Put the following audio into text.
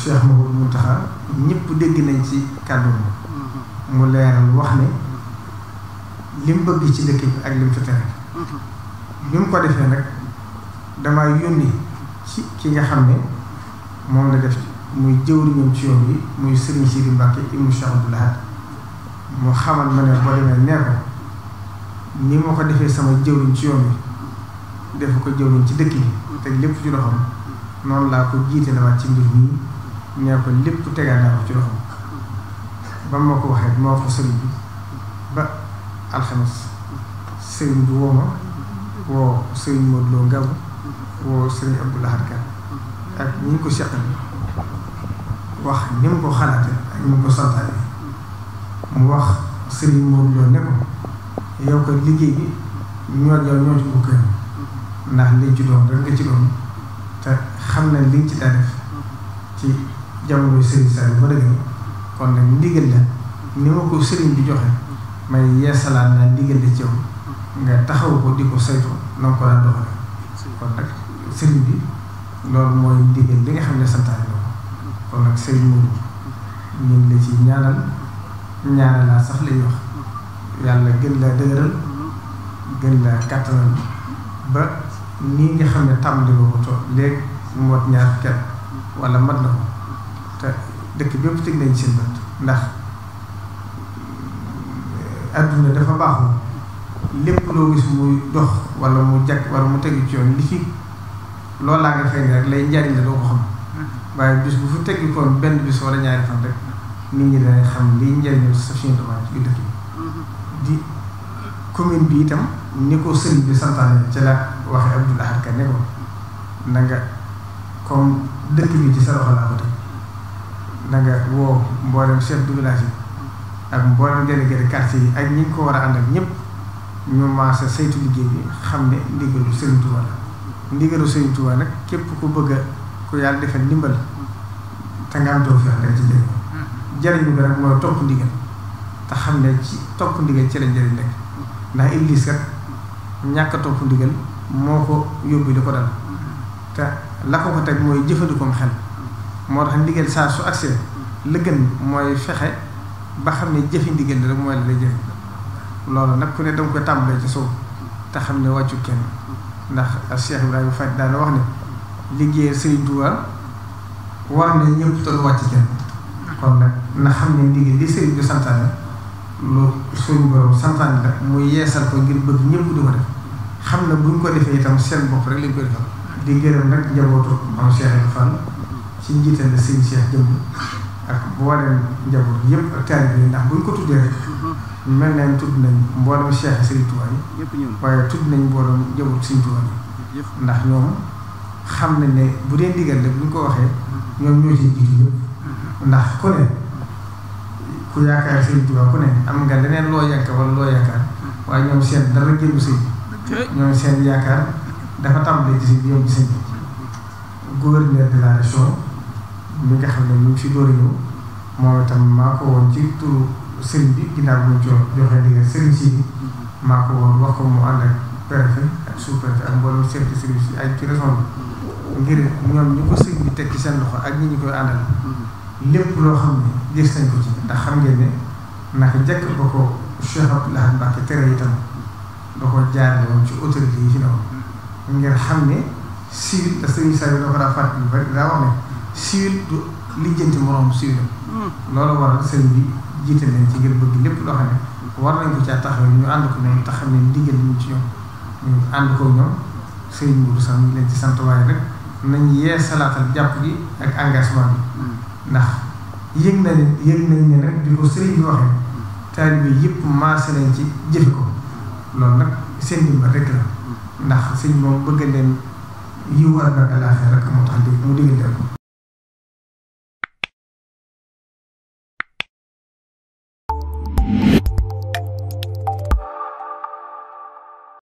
Cheikh mu Mountakha ñëpp dégg nañ ci kàddu mu leeral wax ne lim bëgg ci dëkk bi ak lim fi tere mu ko defee nag damaa yónni ci ki nga xam ne moom la def muy jëwriñam ci yoon yi muy Serigne Sidi Mbacke ibnu Cheikh bu Ahad mu xamal ma ne boo demee nee ni ma ko defee sama jëwriñ ci yoon yi def ko jëwriñ ci dëkk bi te lépp ci loxoom noonu laa ko jiite la waat ci mbir mi nee lépp tegaat naa ko ci loxoom ba ma ko waxee ma wax ko sëriñ bi ba alxames sëriñ bi woo ma woo sëriñ Modou Lo Ngabou woo sëriñ Abdou Lahad Ka ak ñi ko seqal wax ni mu ko xalaate ak mu ko santaane mu wax sëriñ Modou Lo ne yow ko liggéey bi ñoo yow ñoo ci bokk ndax liñ ci doon rek ci doon te xam na li ci daa ci jamono sëriñ Saliou ba dëgg kon nag ndigal la ni ma ko sëriñ bi joxe may yeesalaat naa ndigal la ci yow nga taxaw ko di ko saytu na nga ko daan nag sëriñ bi loolu mooy ndigal li nga xam ne santaane la ko kon nag sëriñ Mourou ñu ngi la ci ñaanal ñaanal laa sax lay wax yàlla gën laa dëgëral gën laa kàttanal ba nii nga xam ne tàmm di ko toog léegi mu mot ñaar kenn wala mat na ko. te dëkk bépp teg nañ seen bët ndax eh, adduna dafa baaxoo lépp loo gis muy dox wala mu jàkk wala mu tegu ci yoon li fi loolu laa nga feeñ rek lay njariñ la doo ko xam waaye bis bu fi tegu koon benn bis wala ñaari fan rek nit ñi dañuy xam liy njariñu station de vente mm-hmm. bi itam ni ko sëriñ ci la waxe Abdoul Ahad Ka ne ko comme dëkk bi ci sa loxo laa ko teg na nga woo mboolem chef de village yi ak mboolem délégué de yi ak ñi ko war a àndal ñëpp ñu maase saytu liggéey bi xam ne ndigalu Serigne Touba la ndigalu nag képp ku bëgg ko yàlla defal ndimbal te nga am tawfeex rek ci jëriñ jëriñu bi rek mooy topp ndigal te xam ne ci topp ndigal ci la jëriñ rek ndax Iblis ñàkk topp ndigal moo ko yóbbu di ko dal te la ko ko teg mooy jëfandikoom xel. moo tax ndigal saa su agsee la gën mooy fexe ba xam ne jëfi ndigal rek mooy la lay jëfi loolu nag ku ne danga koy tàmbalee ci suuf te xam ne wàccu kenn ndax Cheikh bu Faye daana wax ne liggéey Sëriñ Tuubaa war na ñëpp te wàcc kenn kon nag na xam ne ndigal li sëriñ bi santaane lu suñu borom santaane la muy yeesal ko ngir bëgg ñëpp di ko def xam na buñ ko defee itam seen bopp rek lañ koy defal di gërëm nag njabootu am Cheikh Ibrahima Fall ci njiital sëñ Cheikh Jëmb ak mboolem njaboot yëpp ak taalibe yi ndax buñ ko tuddee rek mm-hmm. mel nañ tudd nañ mboolem Cheikh Sëriñ Tuubaa yi waaye tudd nañu mboolem njaboot Sëriñ Tuubaa yi ndax ñoom xam nañ ne bu dee ndigal rek buñ ko waxee mm-hmm. ñoom ñoo ci jiitu yëpp mm-hmm. ndax ku ne ku yaakaar Sëriñ Tuubaa ku ne am nga leneen loo yaakaar wala loo yaakaar waaye ñoom seen dara génn sëñ ñoom seen yaakaar dafa tàmbalee ci si yom bi sëñ gouverneur de mu nga xam ne ñu ngi ci door ñëw moom itam maa ko woon ci turu sëriñ bi ginnaaw bi ñu jox joxe ndigal sëriñ si bi maa ko woon wax ko mu ànd ak préfet ak sous-préfet ak mboolem chef de service yi ay ci région ñu ko sëriñ bi teg ci ak ñu koy àndal lépp loo xam ne gis nañ ko ndax xam ngeen ne naka njëkk ko ko jaarale woon ci autorité yi ci ne ngir xam ne civil te sëriñ sa yi da ko daa fàttali bari daa wax ne siwil du lijjanti moroom siwilam hmm. loolu waral sëñ bi jiite leen ci ngir bëgg lépp loo xam ne war nañ ko caa taxaw ñu ànd ko ne taxaw ne ndigal ñu ci ñoom ñu ànd ko ñoom sëñ Mourou sax ñu leen ci sant waaye rek nañ yee salaatal jàpp gi ak engagement bi hmm. ndax yëg na leen yëg nañ ne rek di ko sëriñ bi waxee taalibe yëpp maase nañ ci jëfe ko loolu nag seen dimbal rek la hmm. ndax sëñ moom bëgg leen yiw àdduna ak àllaaxira rek moo tax mu digal ko